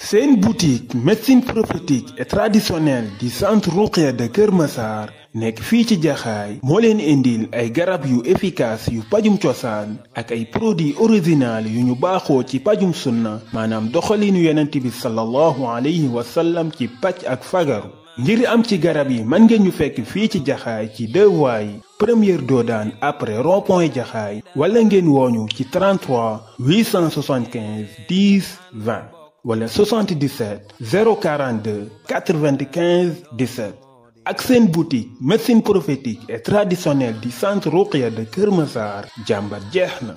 seen boutique médecine prophétique et traditionnelle di centre Ruqya de Kër Massar nekk fii ci jaxaay moo leen indil ay garab yu efficace yu pajum cosaan ak ay produits original yu ñu baaxoo ci pajum sunna maanaam doxalinu yonent bi sallallahu alayhi wa sallam ci pàcc ak fagaru ngir am ci garab yi man ngeen premier fekk fii ci jaxaay ci deux voies yi première après rond jaxaay wala ngeen 33 875 10 20 wala 77 042 95 17 ak seen boutique médecine prophétique et traditionnelle du centre Ruqya de Kër Jamba jàmbat jeex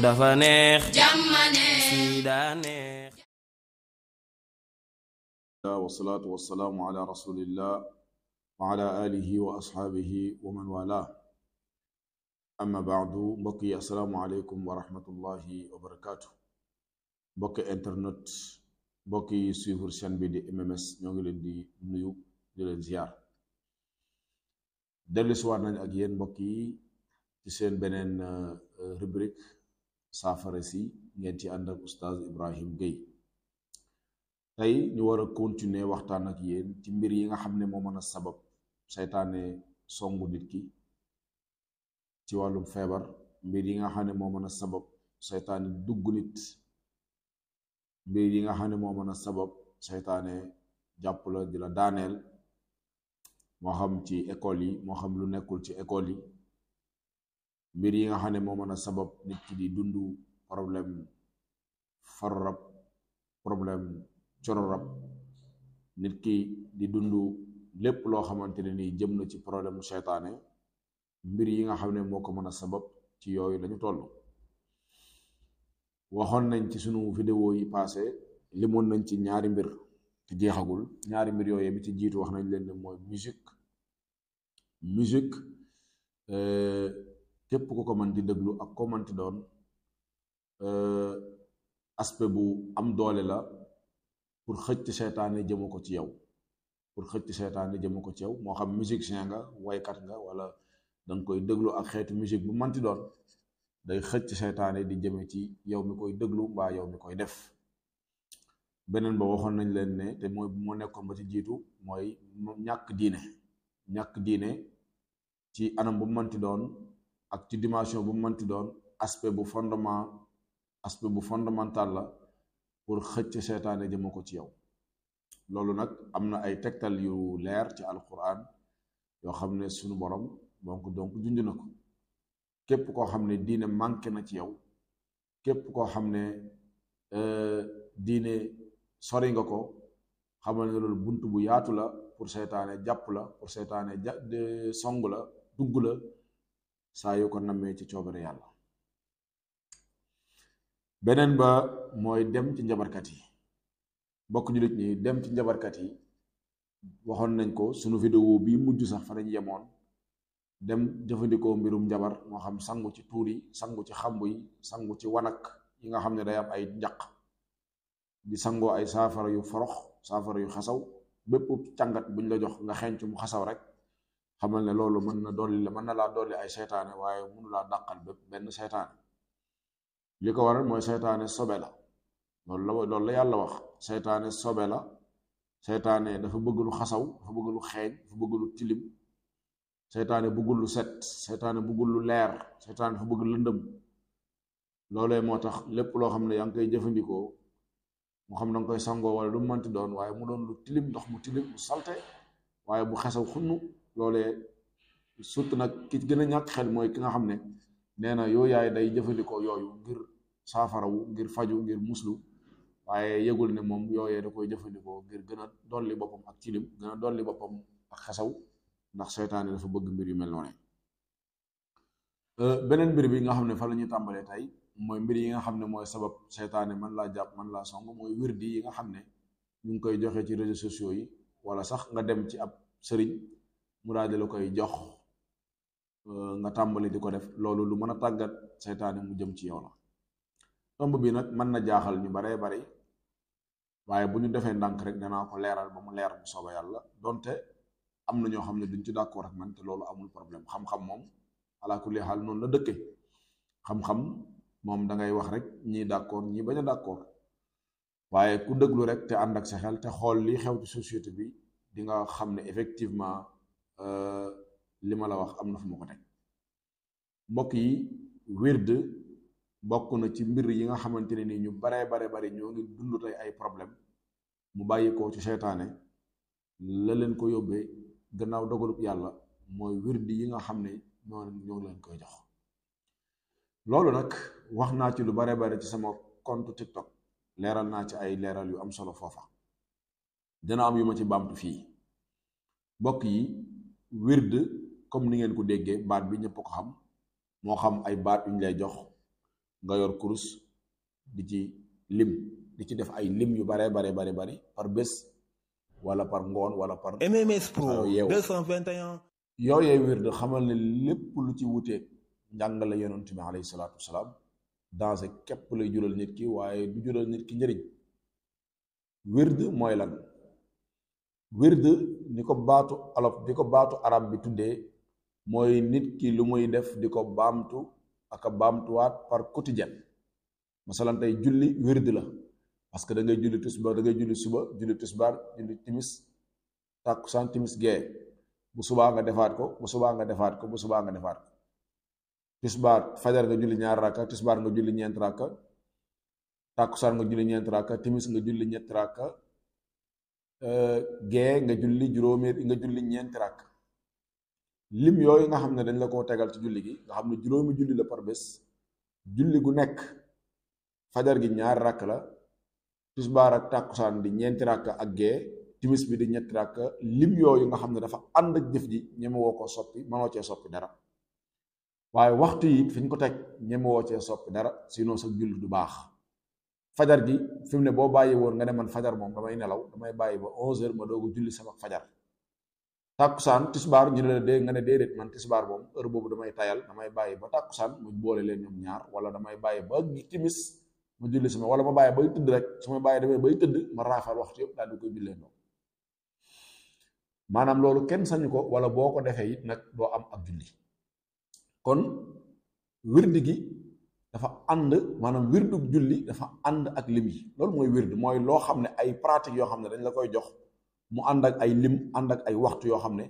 dafa neex والصلاة والسلام على رسول الله وعلى آله وأصحابه ومن والاه أما بعد بقي السلام عليكم ورحمة الله وبركاته بقي إنترنت بقي سيفر شان بي دي ام ام اس ñoo ngi leen di دي di leen ziar dellu si waat nañ ak yéen mbokk yi ci seen beneen rubrique saafara si ngeen tey ñu war a continuer waxtaan ak yéen ci mbir yi nga xam ne moo mën a sabab seytaane songu nit ki ci wàllum feebar mbir yi nga xam ne moo mën a sabab seytaane dugg nit mbir yi nga xam ne moo mën a sabab seytaane jàpp la di la daaneel moo xam ci école yi moo xam lu nekkul ci école yi mbir yi nga xam ne moo mën a sabab nit ki di dund problème farrab problème coro rab nit ki di dund lépp loo xamante ne nii jëm na ci problème mu seytaane mbir yi nga xam ne moo ko mën a sabab ci yooyu lañu toll waxoon nañ ci sunu vidéo yi passé limoon nañ ci ñaari mbir te jeexagul ñaari mbir yooyu bi ci jiitu wax nañ leen ne mooy musique musique euh, képp ku ko mën di déglu ak ko mënti doon euh, aspect bu am doole la pour xëcc seytaane jëme ko ci yow pour xëcc seytaane jëme ko ci yow moo xam musicien nga waykat nga wala da nga koy déglu ak xeetu musique bu manti doon day xëcc seytaane di jëme ci yow mi koy déglu mbaa yow mi koy def beneen ba waxoon nañ leen ne te mooy moo nekkoon ba ci jiitu mooy ñàkk diine ñàkk diine ci anam bu manti doon ak ci dimension bu manti doon aspect bu fondement aspect bu fondamental la pour xëcc seytaane jëma ko ci yow loolu nag am na ay tegtal yu leer ci alquran yoo xam ne suñu borom donc donc junj na ko képp koo xam ne diine manqué na ci yow képp koo xam ne euh, diine sori nga ko xamal ne loolu bunt bu yaatu la pour seytaane jàpp la pour seytaane ja song la dugg la saa yu ko nammee ci coobare yàlla beneen ba mooy dem ci njabarkat yi bokk jullit ñi dem ci njabarkat yi waxoon nañ ko sunu vidéo bi mujj sax fa dañ yemoon dem jëfandikoo mbirum njabar moo xam sangu ci tuur yi sangu ci xamb yi sangu ci wanak yi nga xam ne day am ay njaq di sangoo ay saafara yu forox saafara yu xasaw bépp càngat buñ la jox nga xenc mu xasaw rek xamal ne loolu mën na dolli mën na laa dolli ay seytaane waaye mënu laa dàqal bépp benn seytaane li ko waral mooy seytaane sobe la loolu la loolu la yàlla wax seytaane sobe la seytaane dafa bëgg lu xasaw dafa bëgg lu xeeñ dafa bëgg lu tilim seytaane bëggul lu set seytaane bëggul lu leer seytaane dafa bëgg lëndëm loole moo tax lépp loo xam ne yaa ngi koy jëfandikoo mu xam na nga koy sangoo wala lu mënti doon waaye mu doon lu tilim ndox mu tilim mu salte waaye bu xesaw xunnu loolee surtout nag ki gën a ñàkk xel mooy ki nga xam ne nee na yooyaay day jëfandikoo yooyu wu ngir faju ngir muslu waye yegul ne mom yoyé da koy jëfëndiko ngir gëna doli dolli ak tilim gëna doli dolli ak xassaw ndax seytaane dafa bëgg mbir yu mel euh benen mbir bi nga xamné ne fa lañu tambalé tay moy mbir yi nga xamné ne sabab setan man la japp man la song moy wirdi yi nga xamné ne ñu ngi koy joxé ci réseaux sociaux yi wala sax nga dem ci ab sëriñ mu daal la koy jox euh, nga tambalé diko def loolu lu mëna tagat mu jëm ci yow la ëmb bi nak man na jaaxal ñu bare bare waye bu ñu defee ndànk rek dana ko leeral ba mu leer bu soba yalla donte am na ñoo duñ ci d'accord ak man te loolu amul problème xam-xam mom ala kulli hal non la dëkke xam-xam mom da ngay wax rek ñi d'accord ñi baña d'accord waye ku déglu rek te ànd ak sa xel te xol li xew ci société bi di nga xam effectivement euh lima la wax amna fu ma tek mbokk yi wirde bokk na ci mbir yi nga xamante ne nii ñu baree bare bari ñoo ngi dundu tey ay problème mu bàyyi ko ci seytaane la leen ko yóbbee gannaaw dogalub yàlla mooy wird yi nga xam ne ñoo ñoo leen koy jox loolu nag wax naa ci lu bare bare ci sama compte TikTok leeral naa ci ay leeral yu am solo foofa dina am yu ma ci bamtu fii mbokk yi wird comme ni ngeen ko déggee baat bi ñëpp ko xam moo xam ay baat yu ñu lay jox nga yor kurus di ci lim di ci def ay lim yu bare bare bare bare par bés wala par ngoon wala par MMS Pro 221 yooyee wird xamal ne lépp lu ci wute njàngale yonent bi alayhi salaatu wasalaam danse képp lay jural nit ki waaye du jural nit ki njëriñ wird mooy lan wird ni ko baatu olof di ko baatu arab bi tuddee mooy nit ki lu muy def di ko baamtu ak bamtuat par quotidien masalan tay julli wird la parce que da ngay julli tisbaar da ngay julli suba julli tisbaar julli timis takusan timis ge bu suba nga defat ko bu suba nga defat ko bu suba nga defat ko tisbaar fajar nga julli ñaar rakka tisbaar nga julli ñeent rakka takkusaan nga julli ñent timis nga julli ñett euh ge nga julli juróomi nga julli ñent rakka lim yoy nga xamne dañ la ko tégal ci julli gi nga xamne juroomi julli la par bes julli gu nek fajar gi ñaar rak la tisbaar ak takusan di ñent rak ak ge timis bi di ñetti rak lim yoy nga xamne dafa and ak jëf ji ñeme woo ko soppi mano ci soppi dara waye waxtu yi fiñ ko tek ñeme wo ci soppi dara sinon sa julli du bax fajar gi fimne bo ne boo nga ne man fajar mom damay nelaw damay bàyyi ba 11 h ma dogu julli sama fajar tàkkusaan tisbaar ñu ne la dee nga ne déedéet man tisbaar moom heure boobu damay tayal damay bàyyi ba tàkkusaan mu boole leen ñoom ñaar wala damay bàyyi ba timis ma julli sama wala ma bàyyi bay tëdd rek su ma bàyyi damay bay tëdd ma raafal waxtu yëpp daal di koy jullee ndox maanaam loolu kenn sañu ko wala boo ko defee yi nag boo am ak julli kon wirdi gi dafa ànd maanaam wirdu julli dafa ànd ak lim yi loolu mooy wirdu mooy loo xam ne ay pratique yoo xam ne dañ la koy jox mu ànd ak ay lim ànd ak ay waxtu yoo xam ne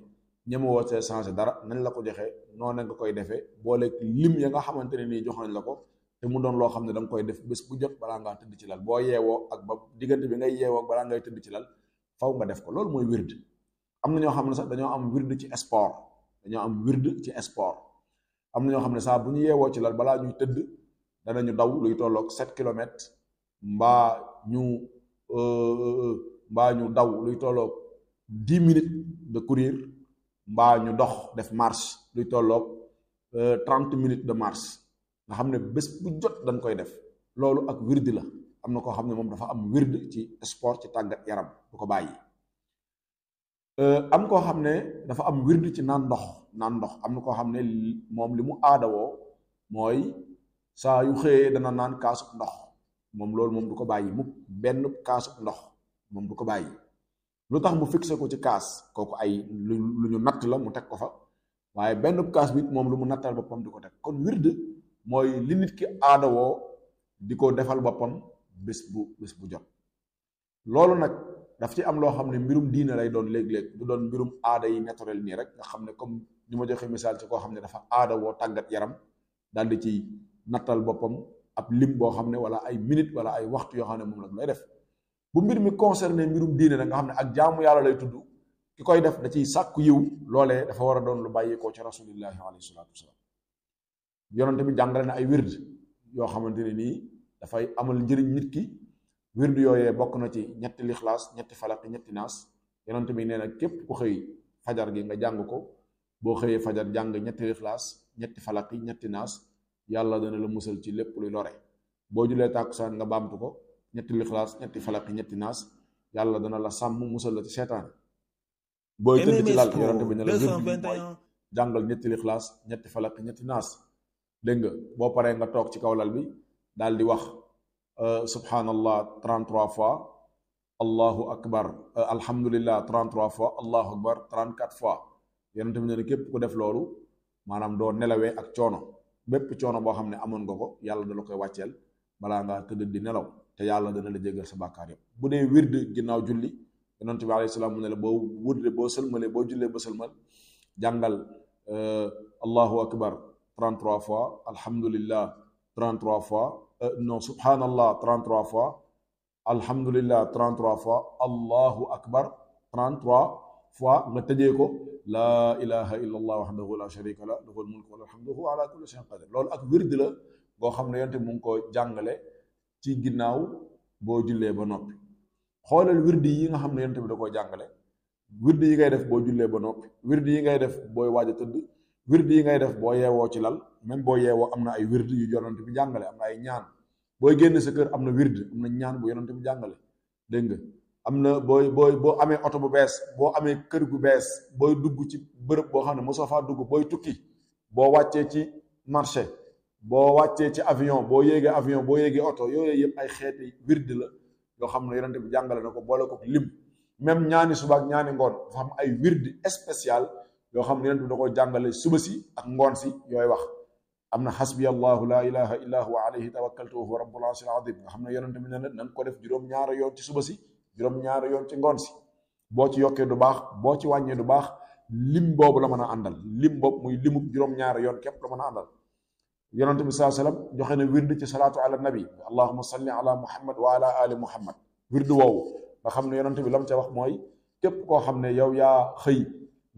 ñema wootee changé dara nañ la ko joxe noonu nga koy defee boole lim ya nga xamante ne nii jox nañ la ko te mu doon loo xam ne da koy def bés bu jot balaa ngaa tëdd ci lal boo yeewoo ak ba bi ngay yeewoo balaa ngay ci lal faw nga def ko loolu mooy wird am na ñoo xam ne sax dañoo am wird ci sport dañoo am wird ci sport am na ñoo xam ne saa bu ñu yeewoo ci lal balaa ñuy tëdd danañu daw luy tolloog 7 kilomètres mbaa ñu euh, euh, euh, mbaa ñu daw luy tolloog 10 minutes de courir mbaa ñu dox def marche luy tolloog 30 euh, minutes de marche nga xam ne bés bu jot dañ koy def loolu ak wirdi la am na koo xam ne moom dafa am wird ci sport ci tàggat yaram du ko bàyyi euh, am koo xam dafa am wird ci naan ndox naan ndox am na koo xam ne moom li mu aadawoo mooy saa yu xëyee dana naan kaasub ndox moom loolu moom du ko bàyyi mu benn kaasub ndox moom du ko bàyyi lu tax mu fixé ko ci kaas kooku ay lu lu ñu natt la mu teg ko fa waaye benn kaas bi moom lu mu nattal boppam di ko teg kon wird mooy li nit ki aadawoo di ko defal boppam bés bu bés bu jot loolu nag daf ci am loo xam ne mbirum diina lay doon léeg-léeg du doon mbirum aada yi naturel nii rek nga xam ne comme ni ma joxe misaal ci koo xam ne dafa aadawoo tàggat yaram daal di ci nattal boppam ab lim boo xam ne wala ay minute wala ay waxtu yoo xam ne moom la lay def bu mbir mi concerné mbirum diine na nga xam ne ak jaamu yàlla lay tudd ki koy def da ciy sàkku yiw loolee dafa war a doon lu bàyyeekoo ci rasulillahi alayhi salaatu wasalaam yonent bi jàngale na ay wird yoo xamante ne nii dafay amal njëriñ nit ki wird bokk na ci ñetti lixlaas ñetti falaq ñetti naas yonent bi nee képp ku xëy fajar gi nga jàng ko boo xëyee fajar jàng ñetti lixlaas ñetti falaq ñetti naas yàlla dana la musal ci lépp luy lore boo julee tàkkusaan nga baamtu ko ñetti l'ikhlas ñetti falaqi ñetti nas yalla ya dana la sam musal la ci setan boy teud ci lal yaronte bi ya. ne la yëpp mooy ñetti l'ikhlas ñetti falaqi ñetti nas dégg nga bo paree nga tok ci kaw lal bi dal di wax eh, subhanallah 33 fois allahu akbar eh, alhamdulillah 33 fois allahu akbar 34 fois yaronte bi ne képp ku def lolu manam do nelawé ak choono bepp choono bo xamné amon nga ko yalla da la koy wàcceel balaa ngaa tëdd di nelaw te yàlla dana la jéggal sa bàkkaar yëpp bu dee wird ginnaaw julli yonent bi alayhi salaam mu ne la boo boo sëlmalee boo jullee ba sëlmal jàngal euh, allahu akbar 33 fois alhamdulillah 33 fois euh, non subhanallah 33 fois alhamdulillah 33 fois allahu akbar 33 fois nga tëjee ko laa ilaha illa allah wahdahu la sharika la lahul mulku wa lahul hamdu wa ala kulli shay'in qadir loolu ak wird la boo xam ne yonent mu ngi ko jàngale ci ginnaaw boo jullee ba noppi xoolal wird yi nga xam ne yonent bi da koo jàngale wirdi yi ngay def boo jullee ba noppi wirdi yi ngay def booy waaj tëdd wirdi yi ngay def boo yeewoo ci lal même boo yeewoo am na ay wird yu yonent bu jàngale am na ay ñaan booy génn sa kër am na wirdi am na ñaan bu yonent bi jàngale dégg nga am na booy booy boo amee oto bu bees boo amee kër gu bees booy dugg ci bërëb boo xam ne mosoo faa dugg booy tukki boo wàccee ci marché boo wàccee ci avion boo yéegee avion boo yéegee oto yooyu yëpp ay xeeti wird la yoo xam ne yonent bi jàngale na ko boole ko lim même ñaani suba ak ñaani ngoon dafa am ay wird spécial yoo xam ne yonent bi da ko jàngale suba si ak ngoon si yooyu wax am na xasbiya allahu laa ilaha illa huwa alayhi tawakkaltu wa huwa rabbul arshil azim xam ne yonent bi ne na nga def juróom yoon ci suba si juróom-ñaari yoon ci ngoon si boo ci yokkee du baax boo ci wàññee du baax lim boobu la mën a àndal lim boobu muy limu juróom-ñaari yoon képp la mën a àndal yonente bi saa sallam joxe na wird ci salaatu ala nabi allahuma salli ala muhammad wa ala ali muhammad wird woowu nga xam ne yonente bi lam ca wax mooy képp koo xam ne yow yaa xëy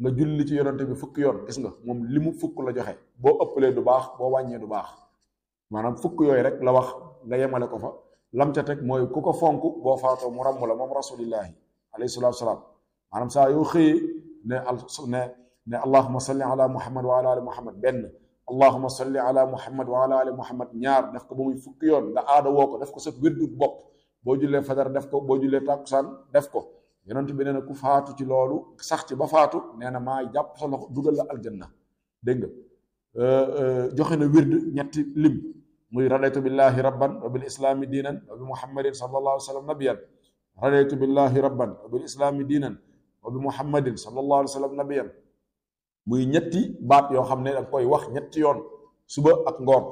nga julli ci yonente bi fukki yoon gis nga moom li mu fukk la joxe boo ëppalee du baax boo wàññee du baax maanaam fukk yooyu rek la wax nga yemale ko fa lam ca teg mooy ku ko fonk boo faatoo mu ràmm la moom rasulillahi alayhi salatu wasalaam maanaam saa yoo xëyee ne ne ne allahuma salli ala muhammad wa ala ali muhammad benn allahuma salli ala muhammad wa ala ali muhammad ñaar def ko ba muy fukki yoon nga aada woo ko def ko sa wirdut bopp boo jullee fajar def ko boo jullee takkusaan def ko yonent bi nee na ku faatu ci loolu sax ci ba faatu nee na maa jàpp sa loxo dugal la aljanna dégg nga joxe na wird ñetti lim muy radaytu billahi rabban wa bil islami diinan wa bi muhammadin sallallahu alayhi wa sallam nabiyan radaytu billahi rabban wa bil islami diinan wa bi muhammadin sallallahu alayhi wa sallam nabiyan muy ñetti baat yo xamne ne koy wax ñetti yoon suba ak ngor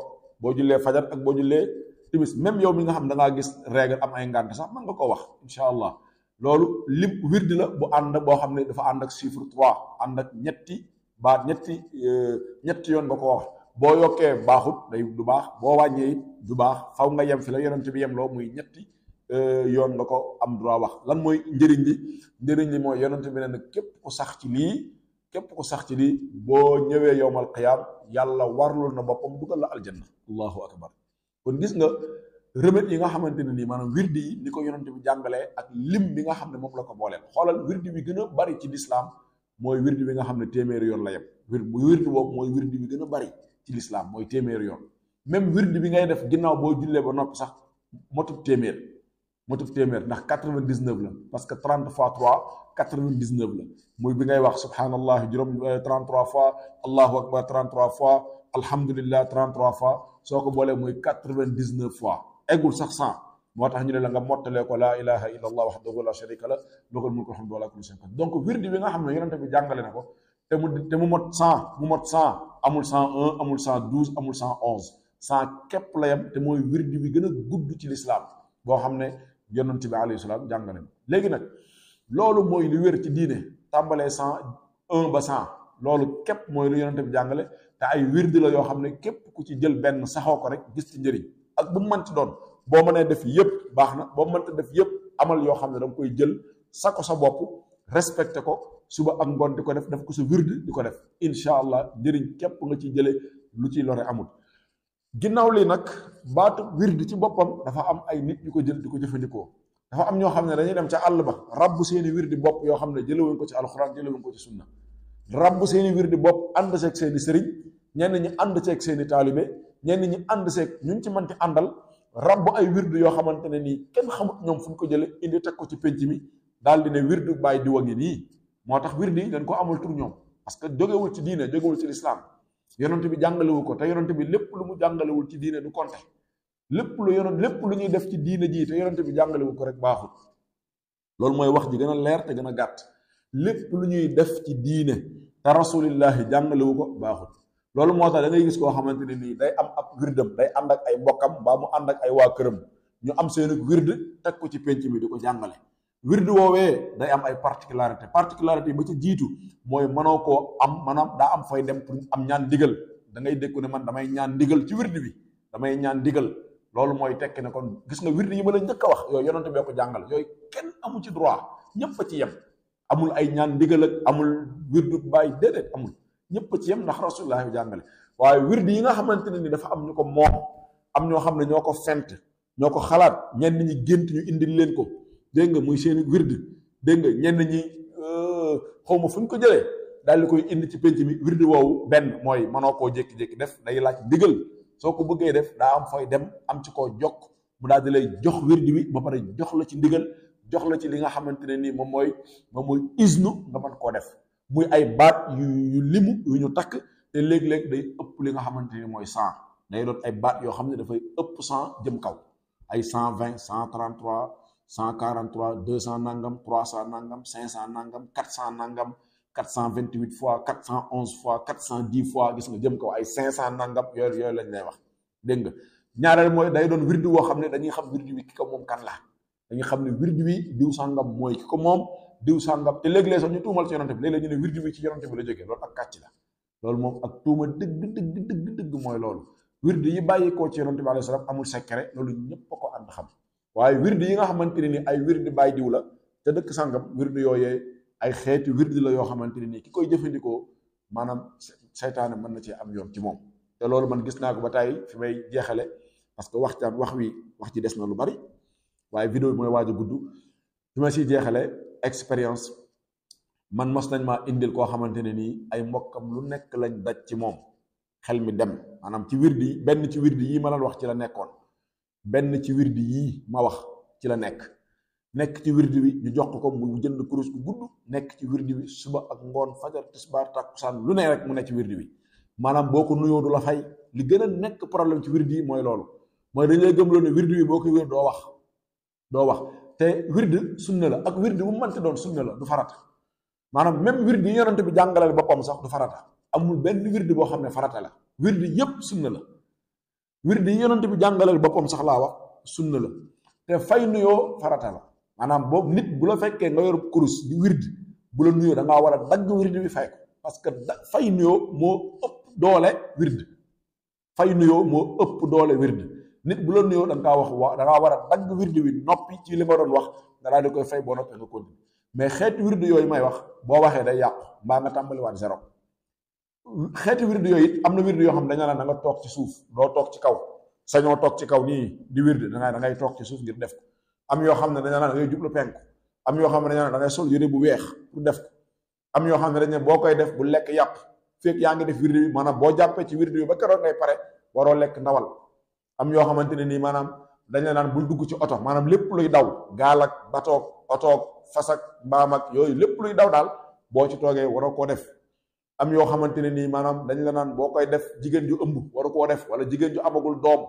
bo jullee fajar ak bo jullee timis même yow mi nga xam da nga gis règle am ay ngànt sax man nga ko wax inshallah allah lim wird la bu and bo xamne dafa and ak chiffre 3 and ak ñetti baat ñetti euh, ñetti yoon bako wax bo yoké baxut day du bax bo wañé du bax xaw nga yem fi la yonent bi yem loo muy ñetti euh, yoon nga ko am droit wax lan moy ndirign bi ndirign li mooy yonent bi ne kep ko sax ci li képp ko sax ci li boo ñëwee yowmal qiyaam yàlla warlul na boppam dugal la aljanna allahu akbar kon gis nga remède yi nga xamante ne nii maanaam wirdi yi ni ko yonent bu jàngalee ak lim bi nga xam ne moom la ko booleel xoolal wirdi bi gën a bari ci lislaam mooy wirdi bi nga xam ne téeméeri yoon la yem wirdi boobu mooy wirdi bi gën a bari ci lislaam mooy téeméer yoon même wirdi bi ngay def ginnaaw boo jullee ba nopp sax motub téeméer motif témèr ndax 99 la parce que 30 fois 3 99 la moy bi ngay wax subhanallah juroom 33 fois allahu akbar 33 fois alhamdullilah 33 fois soko bolé moy 99 fois égul sax 100 motax ñu la nga motalé ko la ilaha illallah wahdahu la sharika la mu lokal mulku hamdu wala kulli shay'in donc wirdi bi nga xamné yaronte bi jangalé nako té mu té mu mot 100 mu mot 100 amul 101 amul 112 amul 111 100 kep la yam té moy wirdi bi gëna gudd ci l'islam bo xamné yonent bi alayhi salaam jàngale na léegi nag loolu mooy lu wér ci diine tàmbalee cent un ba cent loolu képp mooy lu yonent bi jàngale te ay wirdi la yoo xam ne képp ku ci jël benn saxoo ko rek gis ci njëriñ ak bu mu mënti doon boo mënee def yëpp baax na boo mënta def yëpp amal yoo xam ne da koy jël sa ko sa bopp respecté ko suba ak ngoon di ko def def ko sa wirdi di ko def incha allah njëriñ képp nga ci jëlee lu ciy lore amul. ginnaaw lii nag baatu wird ci boppam dafa am ay nit ñu ko jël di ko jëfandikoo dafa am ñoo xam ne dañuy dem ca àll ba rabbu seeni wirdi bopp yoo xam ne jëlewuñ ko ci alxuraan jëlewuñ ko ci sunna rabbu seeni wirdi bopp ànd seeg seeni sëriñ ñenn ñi ànd seeg seeni taalibe ñenn ñi ànd seeg ñun ci mënti àndal rabbu ay wird yoo xamante ne nii kenn xamut ñoom fu ko jële indi teg ko ci penc mi daal di ne wirdu bàyyi di wa ngi nii moo tax wirdi dañ ko amul tur ñoom parce que jógewul ci diine jógewul ci lislaam yonent bi jàngalewu ko te yonent bi lépp lu mu jàngalewul ci diine du compter lépp lu yonent lépp lu ñuy def ci diine ji te yonent bi jàngalewu ko rek baaxul loolu mooy wax ji gën a leer gàtt lépp lu ñuy def ci diine te rasulillahi jàngalewu ko baaxul loolu moo tax da ngay gis koo xamante ne nii day am ab wirdam day ànd ak ay mbokkam baa mu ànd ak ay waa këram ñu am seen wird teg ko ci penc mi du ko jàngale wirdu woowee day am ay particularité particularité ba ci jiitu mooy mënoo koo am maanaam daa am fooy dem pour am ñaan ndigal da ngay dékku ne man damay ñaan ndigal ci wirdu wi damay ñaan ndigal loolu mooy tekki ne kon gis nga wirdu yi ma la njëkk a wax yooyu yonent bi ko jàngal yooyu kenn ci droit ñëpp a ci yem amul ay ñaan ndigal ak amul wirdu bàyyi déedéet amul ñëpp a ci yem ndax rasulullah jàngale waaye wirdu yi nga xamante ne ni dafa am ñu ko moom am ñoo xam ne ñoo ko fent ñoo ko xalaat ñenn ñi gént ñu indil leen ko dégg nga muy seen wird dégg nga ñenn ñi xaw euh, xawma fu ñu ko jëlee daal di koy indi ci penc mi wird woowu benn mooy mënoo koo jékki-jékki def day laaj ndigal soo ko bëggee def daa am fooy dem am ci koo jokk mu daal di lay jox wird wi ba pare jox la ci ndigal jox la ci li nga xamante ne nii moom mooy moom mooy isnu nga mën koo def muy ay baat yu yu limu yu ñu takk te léeg-léeg day ëpp li nga xamante ni mooy cent day doon ay baat yoo xam ne dafay ëpp cent jëm kaw ay cent cent quarante trois deux cent nangam trois cent nangam cinq cent nangam quatre cent nangam quatre cent vingt huit fois quatre cent onze fois quatre cent dix fois gis nga jëm kaw ay cinq cent nangam yooyu yooyu lay wax dégg nga ñaareel mooy day doon wirdu woo xam ne dañuy xam wirdu bi ki ko moom kan la dañuy xam ne wirdu bi diw sàngam mooy ki ko moom diw sàngam te léeg-léeg sax ñu tuumal ci yonante bi léeg-léeg ñu ne wirdu bi ci yonante bi la jógee koo ci yonante bi amul secret loolu ñëpp ko ànd xam waaye wirdi yi nga xamante ni ay wirdi bàyyi diw la te dëkk sàngam wirdi yooyee ay xeeti wirdi la yoo xamante ne ni ki koy jëfandikoo maanaam seytaane mën na cee am yoon ci moom te loolu man gis naa ko ba tey fi may jeexale parce que waxtaan wax wi wax ci des na lu bari waaye vidéo bi mooy waaj a gudd fi ma siy jeexale expérience man mos nañ maa indil koo xamante ni ay mbokkam lu nekk lañ daj ci moom xel mi dem maanaam ci wirdi benn ci wirdi yi ma wax ci la nekkoon benn ci wirdi yii ma wax ci la nekk nekk ci wirdi bi ñu jox ko mu jënd kurus gu gudd nekk ci wirdi bi suba ak ngoon fajar tisbaar takkusaan lu ne rek mu nekk ci wirdi bi maanaam boo ko nuyoo du la fay li gën a nekk problème ci wirdi yi mooy loolu mooy dañ lay gëmloo ne wirdi bi boo ko wér doo wax doo wax te wirdi sunna la ak wirdi bu mënti doon sunna la du farata maanaam même wirdi yi yonent bi jàngaleel boppam sax du farata amul benn wirdi boo xam ne farata la wirdi yépp sunna la wird yi yonent bi jàngalal boppam sax laa wax sunna la te fay nuyoo farata la maanaam boobu nit bu la fekkee nga yor kurus di wird bu la nuyoo da ngaa war a dagg wird bi fay parce que fay nuyoo moo ëpp doole wird nuyoo moo ëpp doole wird nit bu la nuyoo da ngaa wax wa da ngaa war a dagg wird wi noppi ci li nga doon wax nga daal di koy fay boo noppee nga continuer mais xeeti wird yooyu may wax boo waxee day yàqu mbaa nga tàmbaliwaat zéro xeeti wird yooyu am na wird yoo xam ne dañu la na nga toog ci suuf doo toog ci kaw sañoo toog ci kaw nii di wird da ngay da toog ci suuf ngir def ko am yoo xam ne dañu la na jublu penku am yoo xam ne dañu la da ngay sol bu weex def am yoo xam ne dañ ne boo koy def bu lekk yàpp fekk yaa ngi def wird bi maanaam boo jàppee ci wird bi ba keroon ngay pare waroo lekk ndawal am yoo xamante ne nii maanaam dañ la naan bul dugg ci oto maanaam lépp luy daw gaalak ak batoog otoog fasak mbaam yooyu lépp luy daw daal boo ci toogee waroo koo def am yoo xamante ne nii maanaam dañ la naan boo koy def jigéen ju ëmb waru koo def wala jigéen ju amagul doom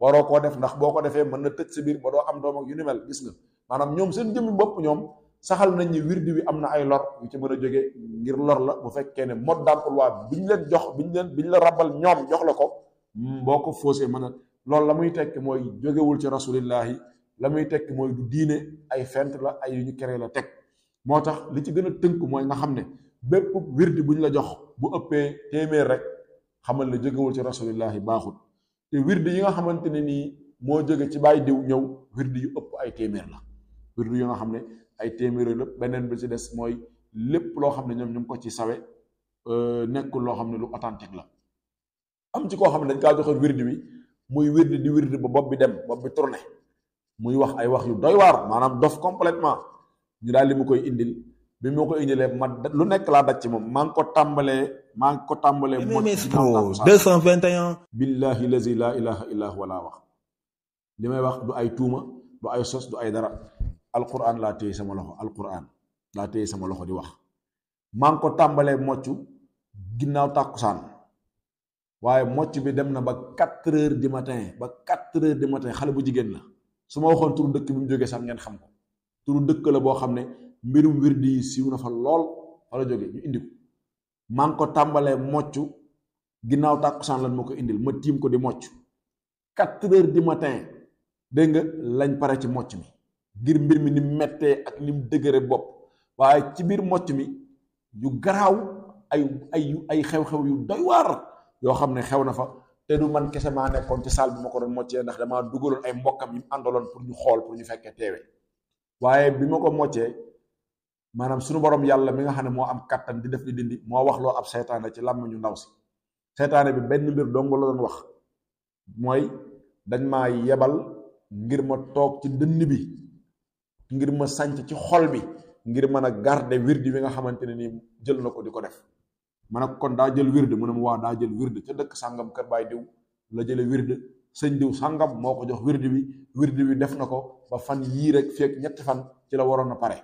waroo koo def ndax boo ko defee mën na tëj si biir ba doo am doom yu ni mel gis na maanaam ñoom seen jëmmi bopp ñoom saxal nañ ni wirdi wi am na ay lor yu ci mën a jóge ngir lor la bu fekkee ne mode d'emploi bi ñu leen jox bi ñu leen bi ñu la rabal ñoom jox la ko mm, boo ko faussé mën a loolu la muy tekk mooy jógewul ci rasulillahi la muy tekk mooy du diine ay fent la ay ñu créé teg moo tax li ci gën a tënk mooy nga xam ne bépp wirdi bu ñu la jox bu ëppee téeméer rek xamal ne jógewul ci rasulillahi baaxul te wirdi yi nga xamante ne nii moo jóge ci bàyyi diw ñëw wirdi yu ëpp ay téeméer la wirdi yu nga xam ne ay téeméer lépp beneen bi ci des mooy lépp loo xam ne ñoom ñu ko ci sawe euh, nekkul loo xam ne lu authentique la am ci koo xam ne dañ kaa joxe wirdi wi muy wirdi di wirdi ba bopp bi dem bopp bi tourné muy wax ay wax yu doy waar maanaam dof complètement ñu daal li koy indil bi ma ko indilee ma lu nekk laa dacc ci moom maa ngi ko tàmbalee maa ngi ko tàmbalee MS Pro 221 billahi lazi la ilaha illa wala laa wax li may wax du ay tuuma du ay sos du ay dara alquran laa téye sama loxo alquran laa téye sama loxo di wax maa ngi ko tàmbalee moccu ginnaaw tàkkusaan waaye mocc bi dem na ba 4 heures du matin ba 4 heures du matin xale bu jigéen la su ma waxoon turu dëkk bi mu jógee sax ngeen xam ko turu dëkk la boo xam ne mbirum wirdi yi siiw na fa lool fa la jóge ñu indi ko maa ngi ko tàmbalee mocc ginnaaw tàkkusaan lan moo ko indil ma tiim ko di mocc quatre heures du matin dégg nga lañ pare ci mocc mi ngir mbir mi ni mettee ak ni mu dëgëre bopp waaye ci biir mocc mi yu garaaw ay ay ay xew-xew yu doy waar yoo xam ne xew na fa te du man kese maa nekkoon ci salle bi ma ko doon moccee ndax damaa dugaloon ay mbokkam yi mu àndaloon pour ñu xool pour ñu fekkee teewe waaye bi ma ko moccee maanaam suñu borom yàlla mi nga xam ne moo am kattan di def li dindi moo wax loo ab seytaane ci làmmiñu ndaw si seytaane bi benn mbir dong la doon wax mooy dañ maa yebal ngir ma toog ci dënn bi ngir ma sànc ci xol bi ngir mën a garde wirdi bi nga xamante ne nii jël na ko di ko def ma ne kon daa jël wirdi mu ne mu waa daa jël wirdi ca dëkk sàngam kër baay diw la jële wirdi sëñ diw sàngam moo ko jox wirdi bi wirdi wi def na ko ba fan yii rek feeg ñetti fan ci la waroon a pare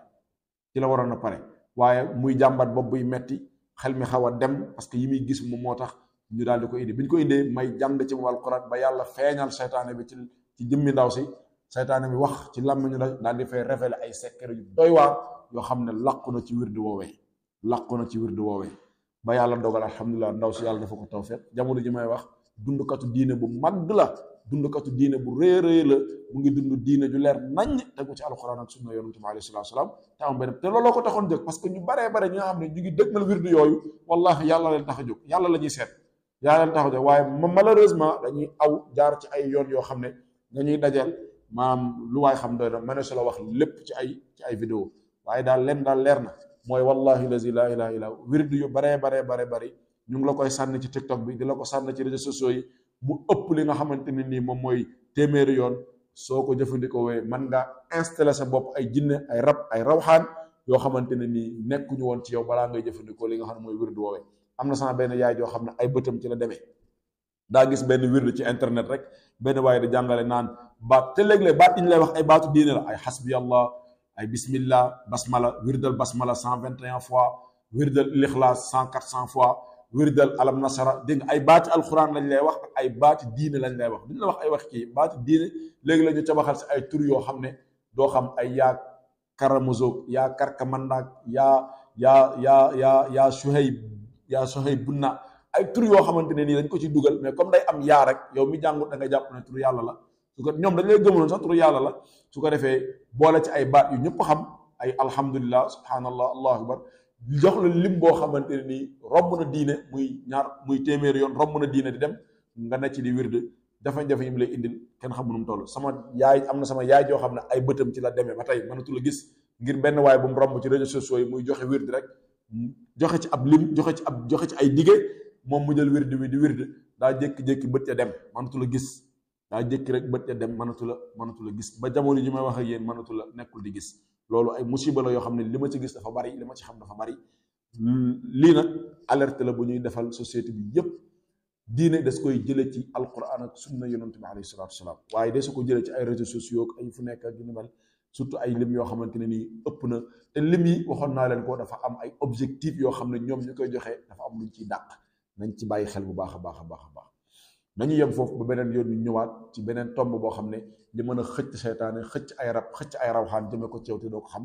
ci la waroon a pare waaye muy jàmbat bopp buy metti xel mi xaw a dem parce que yi muy gis moom moo tax ñu daal ko indi bi ñu ko indee may jàng ci moom alxuraan ba yàlla feeñal saytaane bi ci ci jëmmi ndaw si seytaane bi wax ci ñu la daal di fay révéler ay secret yu doy waar yoo xam ne làqu na ci wirdu woowee làqu na ci wirdu woowee ba yàlla dogal alhamdulilah ndaw si yàlla dafa ko tawfeex jamono ji may wax dundkatu diine bu mag la dundkatu diine bu rëy rëy la mu ngi dund diine ju leer naññ tegu ci alquran ak sunna yonente bi alayhi salatu wasalaam te am benn te looloo ko taxoon jóg parce que ñu baree bare ñi nga xam ne ñu ngi dëgmal wirdu yooyu wallahi leen tax a la ñuy seet yàlla leen tax a jóg waaye malheureusement aw jaar ci ay yoon yoo xam ne dañuy dajeel maam lu waay xam doy na ma ne wax lépp ci ay ci ay vidéo waaye daal leen daal leer na mooy wallahi lazi la ilaha illa wirdu baree baree bare bari ñu ngi la koy sànni ci tiktok bi di la ko sànni ci réseaux sociaux yi mu ëpp li nga xamante ne nii moom mooy téeméeri yoon soo ko jëfandikoo wee mën ngaa installer sa bopp ay jinne ay rab ay rawxaan yoo xamante ne nii nekkuñu woon ci yow balaa ngay jëfandikoo li nga xam ne mooy wirdu woowee am na sama benn yaay joo xam ne ay bëtam ci la demee daa gis benn wirdu ci internet rek benn waaye da jàngale naan baat te léeg-léeg baat yi ñu lay wax ay baatu diine la ay xasbi allah ay bismillah basmala wirdal basmala cent vingt et un fois wirdal lixlaas cent quatre cent fois wirdal alam nasara dégg nga ay baati alxuraan lañ lay wax ak ay baati diine lañ lay wax duñ la wax ay wax kii baati diine léegi la ñu tabaxal si ay tur yoo xam ne doo xam ay yaa karamozoog yaa karkamandaag yaa yaa yaa yaa yaa suhey yaa suhey bunna ay tur yoo xamante ne nii dañ ko ci dugal mais comme day am yaa rek yow mi jàngut da nga jàpp ne tur yàlla la su ko ñoom dañ lay gëmaloon sax tur yàlla la su ko defee boole ci ay baat yu ñëpp xam ay alhamdulillah subhanallah allahu akbar jox la lim boo xamante ne nii romb na diine muy ñaar muy téeméer yoon romb na diine di dem nga ne ci di wird jafe-jafe yi mu lay indi kenn xamu nu mu toll sama yaay am na sama yaay joo xam ne ay bëtam ci la demee ba tey mënatu la gis ngir benn waay bu mu romb ci réseaux sociaux yi muy joxe wird rek joxe ci ab lim joxe ci ab joxe ci ay dige moom mu jël wird wi di wird daa jékki-jékki bët ya dem mënatu la gis daa jékki rek bët ya dem mënatu la mënatu la gis ba jamono ji may wax yéen mënatu la nekkul di gis. loolu ay musiba la yoo xam ne li ma ci gis dafa bari li ma ci xam dafa bari lii nag alerte la bu ñuy defal société bi yépp diine des koy jëlee ci alquran ak sunna yonent bi alayhi salaatu wasalaam waaye des ko jëlee ci ay réseaux sociaux ak fu nekk ak yu ni surtout ay lim yoo xamante ne nii ëpp na te lim yi waxoon naa leen ko dafa am ay objectifs yoo xam ne ñoom ñu koy joxe dafa am luñ ciy dàq nañ ci bàyyi xel bu baax a baax a baax a baax. nañu yem foofu ba beneen yoon ñu ñëwaat ci beneen tomb boo xam ne li mën a xëcc seytaane xëcc ay rab xëcc ay rawxaan jëmee ko ci yow te doo ko xam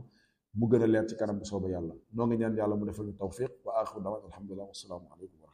mu gën a leer ci kanam bu soobee yàlla noo ngi ñaan yàlla mu defal ñu tawfiq wa axiru dawaan alhamdulilah wasalaamu aleykum